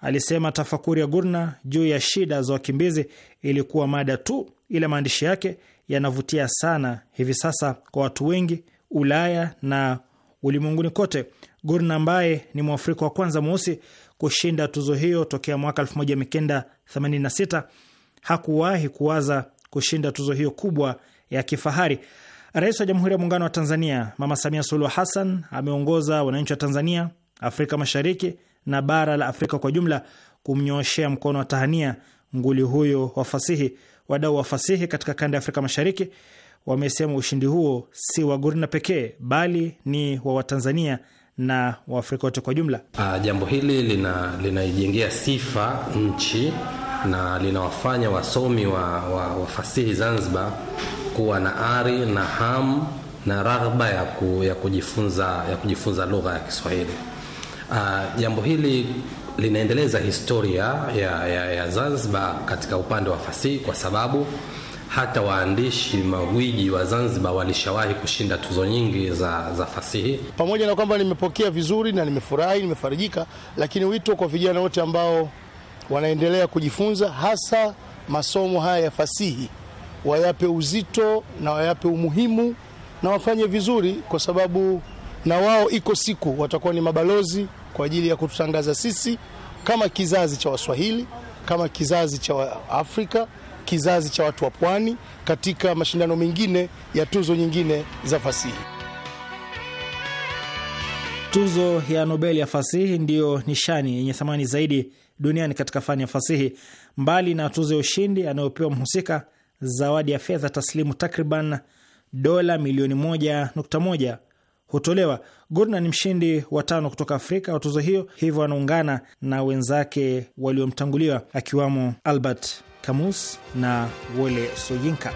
alisema tafakuri ya Gurna juu ya shida za wakimbizi ilikuwa mada tu, ila maandishi yake yanavutia sana hivi sasa kwa watu wengi Ulaya na ulimwenguni kote. Gurna ambaye ni Mwafrika wa kwanza mweusi kushinda tuzo hiyo tokea mwaka 1986 hakuwahi kuwaza kushinda tuzo hiyo kubwa ya kifahari. Rais wa Jamhuri ya Muungano wa Tanzania Mama Samia Suluhu Hassan ameongoza wananchi wa Tanzania, Afrika Mashariki na bara la Afrika kwa jumla kumnyooshea mkono wa tahania nguli huyo wa fasihi. Wadau wa fasihi katika kanda ya Afrika Mashariki wamesema ushindi huo si wa Gurna pekee bali ni wa Watanzania na Waafrika wote kwa jumla. Uh, jambo hili linaijengea lina sifa nchi na linawafanya wasomi wa, wa, wa fasihi Zanzibar kuwa na ari na hamu na raghba ya, ku, ya kujifunza, ya kujifunza lugha ya Kiswahili. Uh, jambo hili linaendeleza historia ya, ya, ya Zanzibar katika upande wa fasihi kwa sababu hata waandishi magwiji wa Zanzibar walishawahi kushinda tuzo nyingi za, za fasihi. Pamoja na kwamba nimepokea vizuri na nimefurahi, nimefarijika, lakini wito kwa vijana wote ambao wanaendelea kujifunza hasa masomo haya ya fasihi wayape uzito na wayape umuhimu na wafanye vizuri, kwa sababu na wao iko siku watakuwa ni mabalozi kwa ajili ya kututangaza sisi kama kizazi cha Waswahili, kama kizazi cha Waafrika, kizazi cha watu wa pwani katika mashindano mengine ya tuzo nyingine za fasihi. Tuzo ya Nobel ya fasihi ndiyo nishani yenye thamani zaidi duniani katika fani ya fasihi. Mbali na tuzo ya ushindi anayopewa mhusika, zawadi ya fedha taslimu takriban dola milioni moja nukta moja hutolewa. Gurna ni mshindi wa tano kutoka Afrika wa tuzo hiyo, hivyo anaungana na wenzake waliomtanguliwa akiwamo Albert Camus na Wole Soyinka.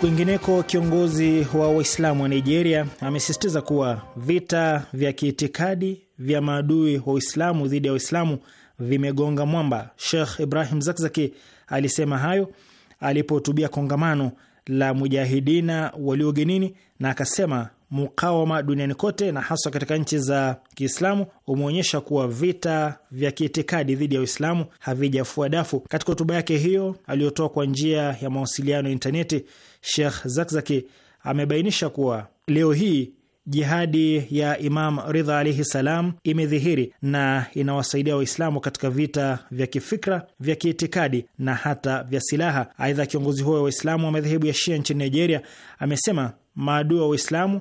Kwingineko, kiongozi wa Waislamu wa Nigeria amesisitiza kuwa vita vya kiitikadi vya maadui wa Uislamu dhidi ya Waislamu vimegonga mwamba. Sheikh Ibrahim Zakzaki Alisema hayo alipohutubia kongamano la mujahidina walio ugenini, na akasema mukawama duniani kote na haswa katika nchi za Kiislamu umeonyesha kuwa vita vya kiitikadi dhidi ya Uislamu havijafua dafu. Katika hotuba yake hiyo aliyotoa kwa njia ya mawasiliano ya intaneti, Sheikh Zakzaki amebainisha kuwa leo hii jihadi ya Imam Ridha alaihi salam imedhihiri na inawasaidia Waislamu katika vita vya kifikra, vya kiitikadi na hata vya silaha. Aidha, kiongozi huyo wa Waislamu wa madhehebu ya Shia nchini Nigeria amesema maadui wa Waislamu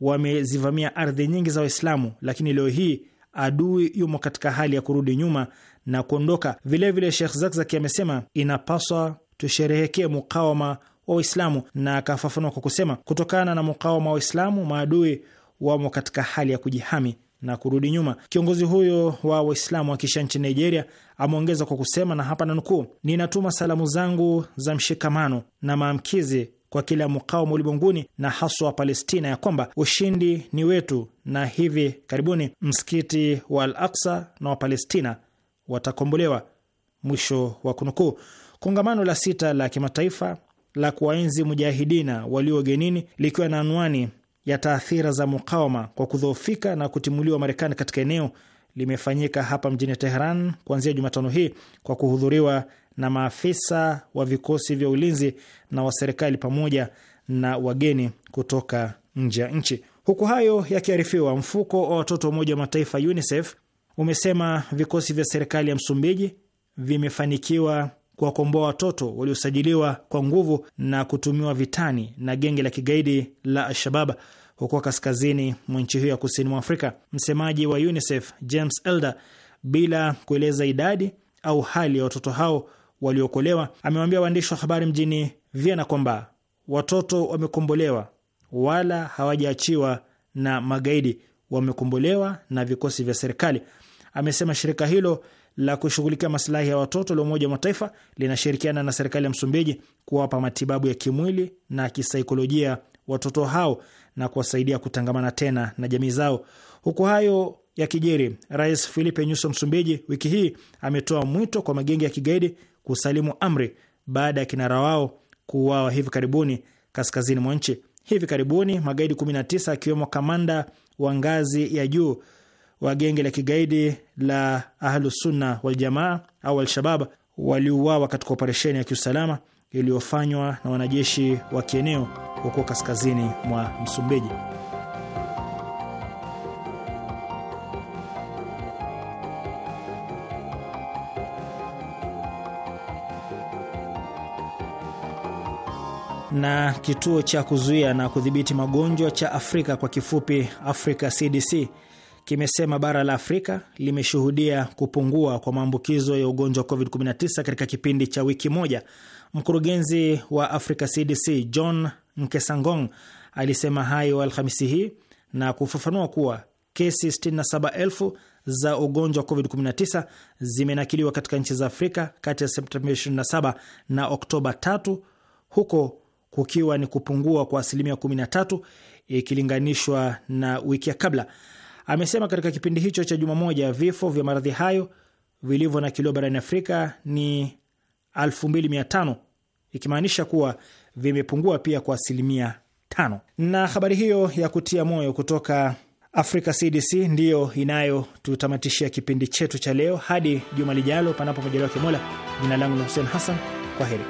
wamezivamia ardhi nyingi za Waislamu, lakini leo hii adui yumo katika hali ya kurudi nyuma na kuondoka. Vilevile, Shekh Zakzaki amesema inapaswa tusherehekee mukawama wa Waislamu, na akafafanua kwa kusema, kutokana na mukawama wa Waislamu maadui wamo katika hali ya kujihami na kurudi nyuma. Kiongozi huyo wa Waislamu wa kisha nchi Nigeria ameongeza kwa kusema, na hapa nanukuu, ninatuma salamu zangu za mshikamano na maamkizi kwa kila mukawama ulimwenguni na haswa Palestina, ya kwamba ushindi ni wetu, na hivi karibuni msikiti wa Al Aksa na Wapalestina watakombolewa. Mwisho wa kunukuu. Kongamano la sita la kimataifa la kuwaenzi mujahidina walio ugenini likiwa na anwani ya taathira za mukawama kwa kudhoofika na kutimuliwa Marekani katika eneo limefanyika hapa mjini Teheran kuanzia Jumatano hii kwa kuhudhuriwa na maafisa wa vikosi vya ulinzi na wa serikali pamoja na wageni kutoka nje ya nchi. Huku hayo yakiarifiwa, mfuko wa watoto wa Umoja wa Mataifa UNICEF umesema vikosi vya serikali ya Msumbiji vimefanikiwa kuwakomboa watoto waliosajiliwa kwa nguvu na kutumiwa vitani na genge la kigaidi la Al-Shabab huko kaskazini mwa nchi hiyo ya kusini mwa Afrika. Msemaji wa UNICEF James Elder, bila kueleza idadi au hali ya watoto hao waliokolewa, amewaambia waandishi wa habari mjini Vienna kwamba watoto wamekombolewa, wala hawajaachiwa na magaidi, wamekombolewa na vikosi vya serikali. Amesema shirika hilo la kushughulikia masilahi ya watoto la Umoja wa Mataifa linashirikiana na serikali ya Msumbiji kuwapa matibabu ya kimwili na kisaikolojia watoto hao na kuwasaidia kutangamana tena na jamii zao. Huku hayo ya kijeri, Rais Filipe Nyuso Msumbiji wiki hii ametoa mwito kwa magenge ya kigaidi kusalimu amri baada ya kinara wao kuuawa hivi karibuni kaskazini mwa nchi. Hivi karibuni magaidi 19 akiwemo kamanda wa ngazi ya juu wa genge la kigaidi la Ahlusunna Waljamaa au al waliuawa katika operesheni ya kiusalama iliyofanywa na wanajeshi wa kieneo huko kaskazini mwa Msumbiji. na kituo cha kuzuia na kudhibiti magonjwa cha Afrika kwa kifupi Africa CDC kimesema bara la Afrika limeshuhudia kupungua kwa maambukizo ya ugonjwa wa COVID-19 katika kipindi cha wiki moja. Mkurugenzi wa Africa CDC John Nkesangong alisema hayo Alhamisi hii na kufafanua kuwa kesi 67,000 za ugonjwa wa COVID-19 zimenakiliwa katika nchi za Afrika kati ya Septemba 27 na Oktoba 3 huko kukiwa ni kupungua kwa asilimia 13 ikilinganishwa na wiki ya kabla. Amesema katika kipindi hicho cha juma moja vifo vya maradhi hayo vilivyo na kilio barani Afrika ni 2500 ikimaanisha kuwa vimepungua pia kwa asilimia tano. Na habari hiyo ya kutia moyo kutoka Afrika CDC ndiyo inayotutamatishia kipindi chetu cha leo. Hadi juma lijalo, panapo majaliwa Kimola. Jina langu ni Hussein Hassan, kwa heri.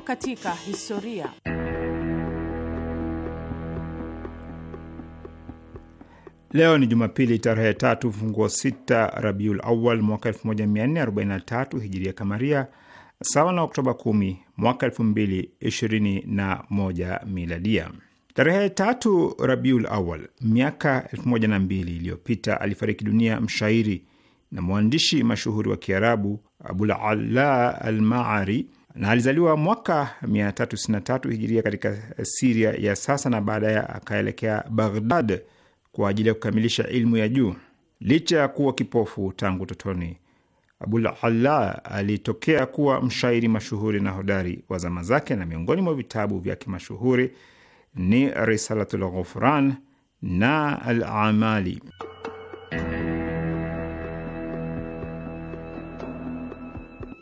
katika historia. Leo ni Jumapili tarehe tatu mfunguo sita Rabiul Awal mwaka 1443 hijiria kamaria, sawa na Oktoba 10 mwaka 2021 miladia. Tarehe tatu Rabiul Awal miaka 1002 iliyopita alifariki dunia mshairi na mwandishi mashuhuri wa Kiarabu Abul Ala Almaari na alizaliwa mwaka 363 hijiria katika Siria ya sasa, na baadaye akaelekea Baghdad kwa ajili ya kukamilisha ilmu ya juu. Licha ya kuwa kipofu tangu utotoni, Abul Alla alitokea kuwa mshairi mashuhuri na hodari wa zama zake, na miongoni mwa vitabu vyake mashuhuri ni Risalatul Ghufran na Al Amali.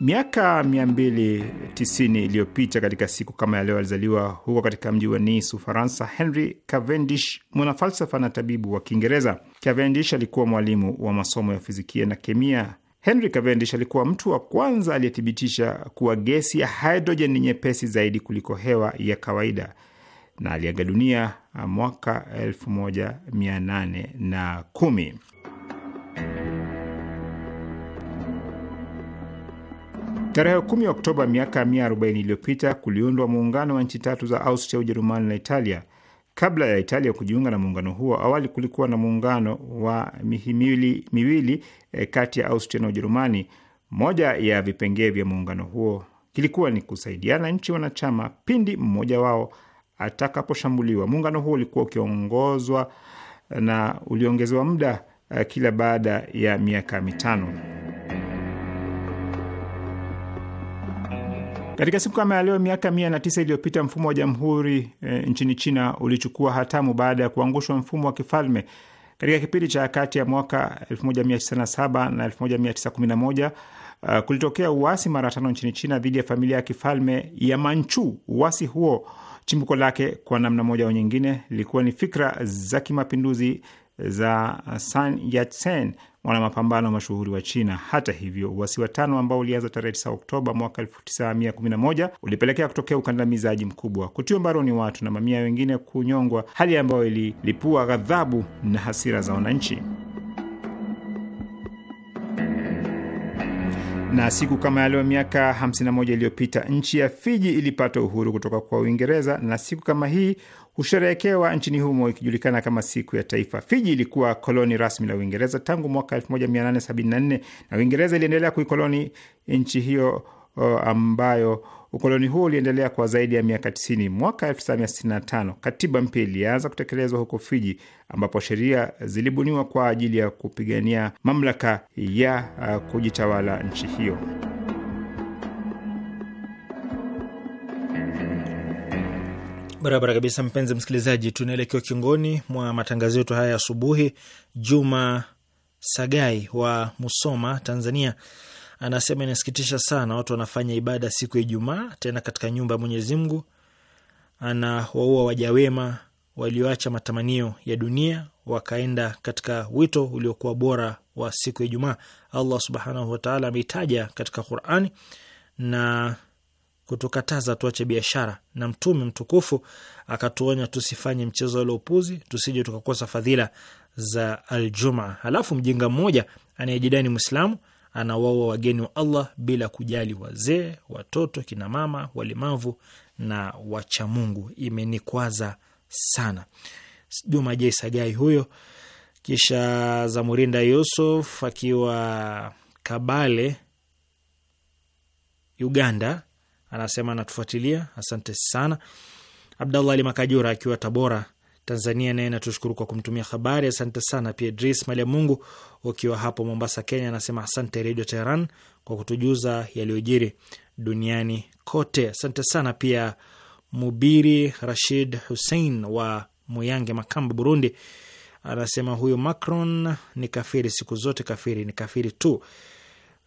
Miaka 290 iliyopita katika siku kama ya leo alizaliwa huko katika mji wa Nice, Ufaransa, Henry Cavendish, mwanafalsafa na tabibu wa Kiingereza. Cavendish alikuwa mwalimu wa masomo ya fizikia na kemia. Henry Cavendish alikuwa mtu wa kwanza aliyethibitisha kuwa gesi ya hidrojeni ni nyepesi zaidi kuliko hewa ya kawaida na aliaga dunia mwaka 1810. Tarehe 10 Oktoba miaka 140 iliyopita kuliundwa muungano wa nchi tatu za Austria, Ujerumani na Italia. Kabla ya Italia kujiunga na muungano huo, awali kulikuwa na muungano wa mihimili miwili e, kati ya Austria na Ujerumani. Moja ya vipengee vya muungano huo kilikuwa ni kusaidiana nchi wanachama pindi mmoja wao atakaposhambuliwa. Muungano huo ulikuwa ukiongozwa na uliongezewa muda eh, kila baada ya miaka mitano. Katika siku kama ya leo miaka mia na tisa iliyopita mfumo wa jamhuri e, nchini China ulichukua hatamu baada ya kuangushwa mfumo wa kifalme. Katika kipindi cha kati ya mwaka 1907 na 1911 eh, kulitokea uasi mara tano nchini China dhidi ya familia ya kifalme ya Manchu. Uasi huo chimbuko lake kwa namna moja au nyingine lilikuwa ni fikra za kimapinduzi za Sun Yat-sen mapambano mashuhuri wa China. Hata hivyo, uasi wa tano ambao ulianza tarehe 9 Oktoba mwaka 1911 ulipelekea kutokea ukandamizaji mkubwa, kutiwa mbaroni watu na mamia wengine kunyongwa, hali ambayo ililipua ghadhabu na hasira za wananchi. na siku kama yaleo miaka 51 iliyopita nchi ya Fiji ilipata uhuru kutoka kwa Uingereza, na siku kama hii husherehekewa nchini humo ikijulikana kama siku ya taifa. Fiji ilikuwa koloni rasmi la Uingereza tangu mwaka 1874 na Uingereza iliendelea kuikoloni nchi hiyo o, ambayo ukoloni huo uliendelea kwa zaidi ya miaka 90. Mwaka 1965 katiba mpya ilianza kutekelezwa huko Fiji, ambapo sheria zilibuniwa kwa ajili ya kupigania mamlaka ya uh, kujitawala nchi hiyo. Barabara kabisa, mpenzi msikilizaji, tunaelekea kiongoni mwa matangazo yetu haya asubuhi. Juma Sagai wa Musoma, Tanzania, anasema inasikitisha sana, watu wanafanya ibada siku ya Ijumaa tena katika nyumba ya Mwenyezi Mungu. Anawaua wajawema walioacha matamanio ya dunia wakaenda katika wito uliokuwa bora wa siku ya Ijumaa. Allah subhanahu wataala ameitaja katika Qurani na kutukataza tuache biashara, na Mtume mtukufu akatuonya tusifanye mchezo ule upuzi, tusije tukakosa fadhila za Aljumaa. Halafu mjinga mmoja anayejidani Mwislamu anawaua wageni wa Allah bila kujali wazee, watoto, kinamama, walemavu na wachamungu. Imenikwaza sana. Juma J Sagai huyo. Kisha Zamurinda Yusuf akiwa Kabale, Uganda, anasema anatufuatilia, asante sana. Abdallah Ali Makajura akiwa Tabora, Tanzania, naye natushukuru kwa kumtumia habari, asante sana. Pia Idris Mali ya Mungu ukiwa hapo Mombasa, Kenya, anasema asante Redio Teheran kwa kutujuza yaliyojiri duniani kote, asante sana. Pia Mubiri Rashid Hussein wa Muyange, Makamba, Burundi, anasema huyu Macron ni kafiri siku zote, kafiri ni kafiri tu.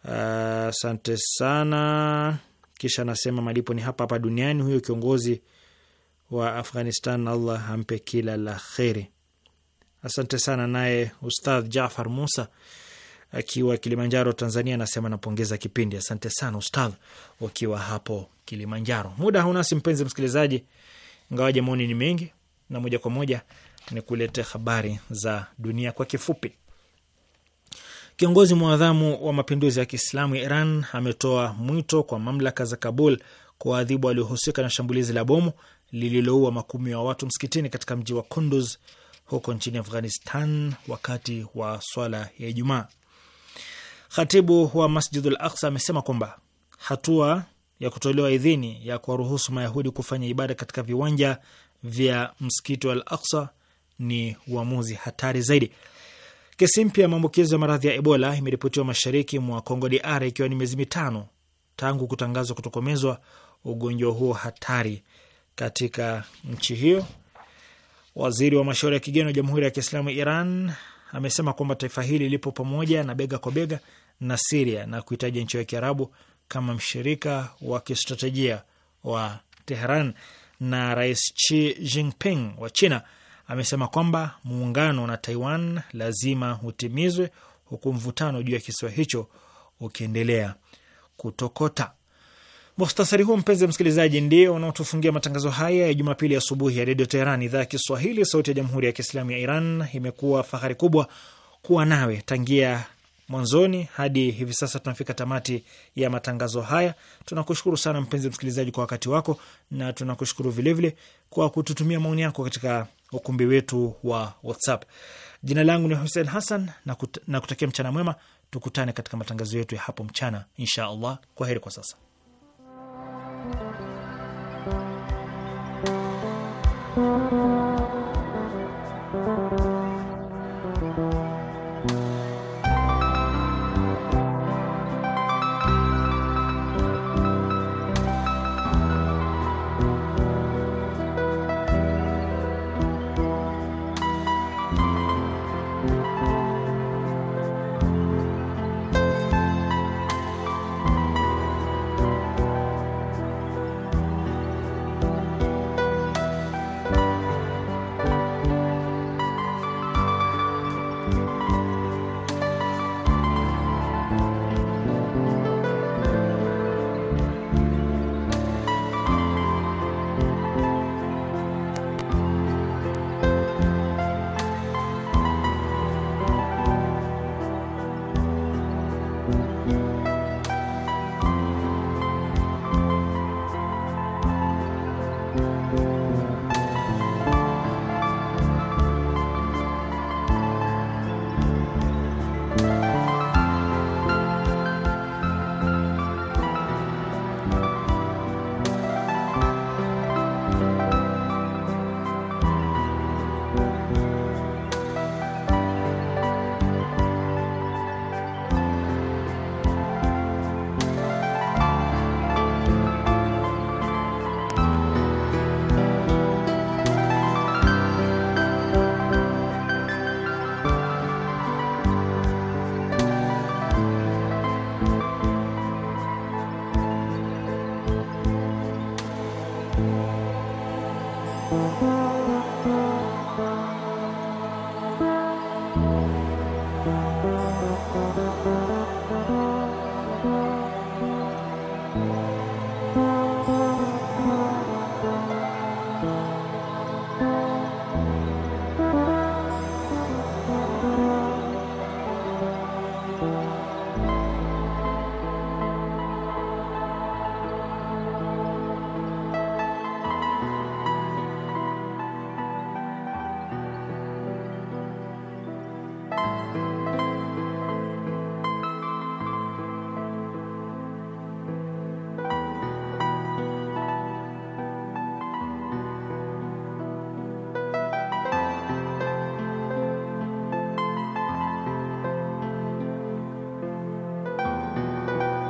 Asante uh, sana. Kisha anasema malipo ni hapa hapa duniani. Huyo kiongozi wa Afghanistan, Allah ampe kila la kheri. Asante sana. Naye Ustadh Jafar Musa akiwa Kilimanjaro, Tanzania, anasema napongeza kipindi. Asante sana Ustadh wakiwa hapo Kilimanjaro. Muda haunasi mpenzi msikilizaji, ingawaje maoni ni mengi, na moja kwa moja ni kulete habari za dunia kwa kifupi. Kiongozi mwadhamu wa mapinduzi ya Kiislamu ya Iran ametoa mwito kwa mamlaka za Kabul kuwaadhibu waliohusika na shambulizi la bomu lililoua makumi wa watu msikitini katika mji wa Kunduz huko nchini Afghanistan wakati wa swala ya Ijumaa. Khatibu wa Masjidul Aqsa amesema kwamba hatua ya kutolewa idhini ya kuwaruhusu Mayahudi kufanya ibada katika viwanja vya msikiti wa Al Aqsa ni uamuzi hatari zaidi. Kesi mpya ya maambukizo ya maradhi ya Ebola imeripotiwa mashariki mwa Kongo DR ikiwa ni miezi mitano tangu kutangazwa kutokomezwa ugonjwa huo hatari katika nchi hiyo. Waziri wa mashauri ya kigeni wa Jamhuri ya Kiislamu Iran amesema kwamba taifa hili lipo pamoja na bega kwa bega na Siria na kuhitaji nchi ya Kiarabu kama mshirika wa kistratejia wa Teheran. Na Rais Xi Jinping wa China amesema kwamba muungano na Taiwan lazima utimizwe huku mvutano juu ya kisiwa hicho ukiendelea kutokota. Muhtasari huu mpenzi msikilizaji, ndio unaotufungia matangazo haya ya Jumapili asubuhi ya Redio Teheran, idhaa ya Kiswahili, sauti ya Jamhuri ya Kiislamu ya Iran. Imekuwa fahari kubwa kuwa nawe tangia mwanzoni hadi hivi sasa. Tunafika tamati ya matangazo haya. Tunakushukuru sana mpenzi msikilizaji kwa wakati wako, na tunakushukuru vilevile kwa kututumia maoni yako katika ukumbi wetu wa WhatsApp. Jina langu ni Hussein Hassan na, kut na kutakia mchana mwema. Tukutane katika matangazo yetu ya hapo mchana insha Allah. Kwa heri kwa sasa.